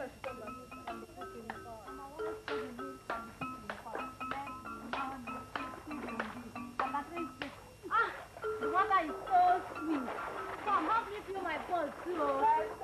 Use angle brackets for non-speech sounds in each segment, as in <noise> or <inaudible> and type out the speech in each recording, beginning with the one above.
Ah, the water is so sweet. Come, help me feel my pulse too.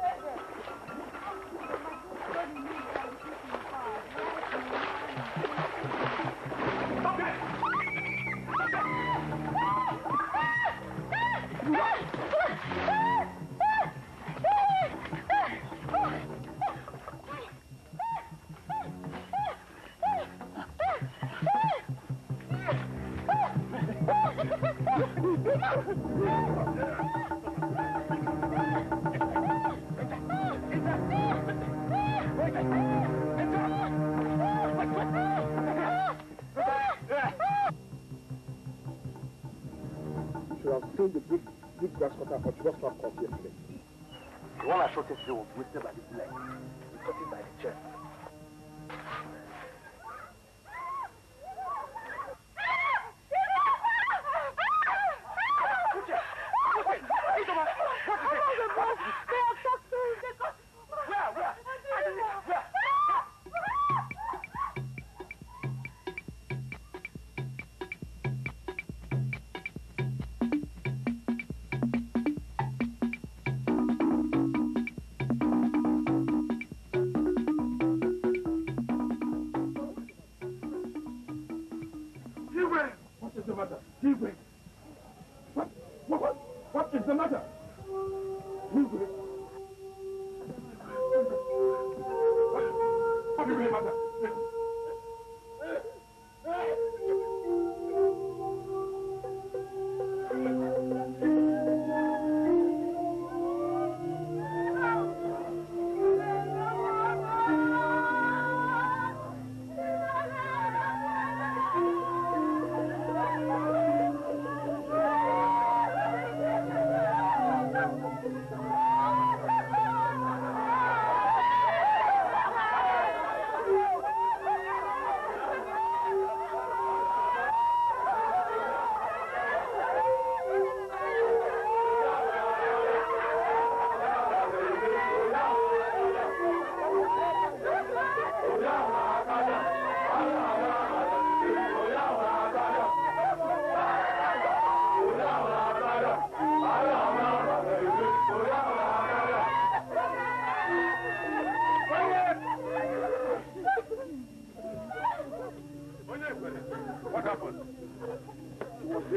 should have seen the big, big grasscutter for Chivas Club yesterday. The one I shot yesterday was wasted by the leg. He caught it by the chest. stupid.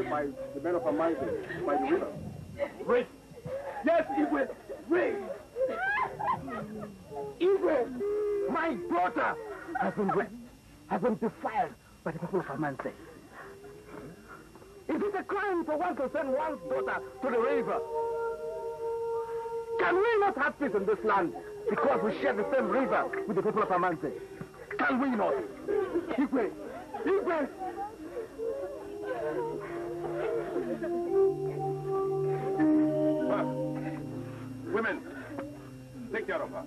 by the men of Amaise, by the river. Race. Yes, Igwe, race. Igwe, my daughter has been raped, has been defiled by the people of Amaise. Is it a crime for one to send one's daughter to the river? Can we not have peace in this land because we share the same river with the people of Amante? Can we not? Igwe! Igwe! ろか。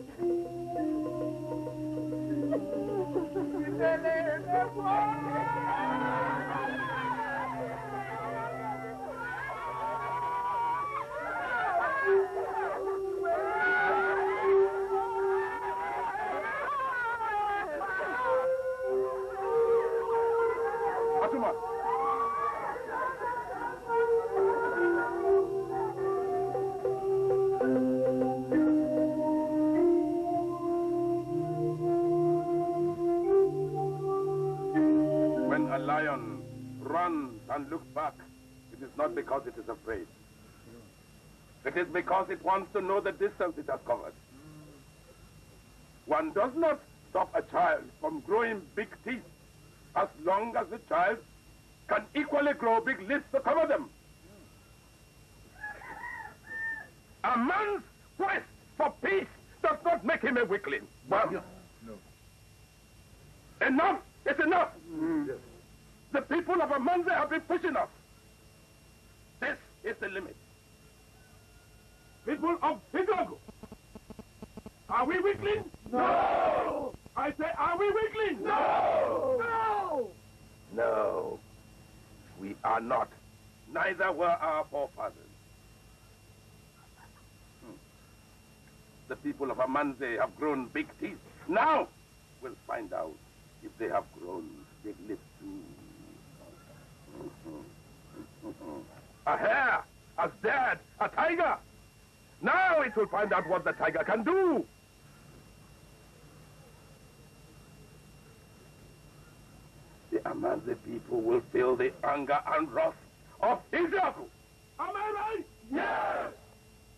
Come on. lion runs and looks back, it is not because it is afraid. It is because it wants to know the distance it has covered. One does not stop a child from growing big teeth as long as the child can equally grow big lips to cover them. <laughs> A man's quest for peace does not make him a weakling. Well, no. Enough is enough. Mm. Yes the people of Amanze have been pushing us. This is the limit. People of Chicago, are we weakling? No! I say, are we weakling? No! No! No, we are not. Neither were our forefathers. Hmm. The people of Amanze have grown big teeth. Now we'll find out if they have grown big lips too. a hare, a zed, a tiger. Now it will find out what the tiger can do. The Amazigh people will feel the anger and wrath of Israel. Am I right? Yes.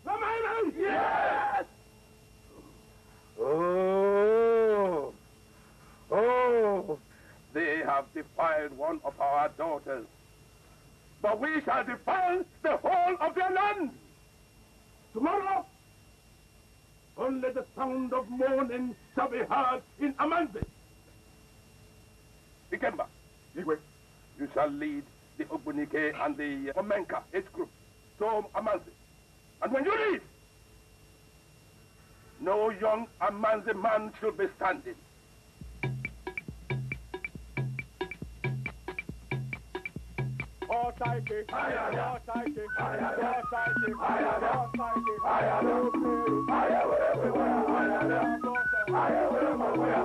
Am I right? Yes. Oh. Oh. They have defiled one of our daughters for we shall defile the whole of their land. Tomorrow, only the sound of mourning shall be heard in Amanzi. Ikemba, Igwe, you shall lead the Obunike and the Omenka age group to Amanzi. And when you leave, no young Amanzi man shall be standing. all psychic, all psychic, all psychic, all psychic. I am no I am everywhere. I am everywhere. I am everywhere.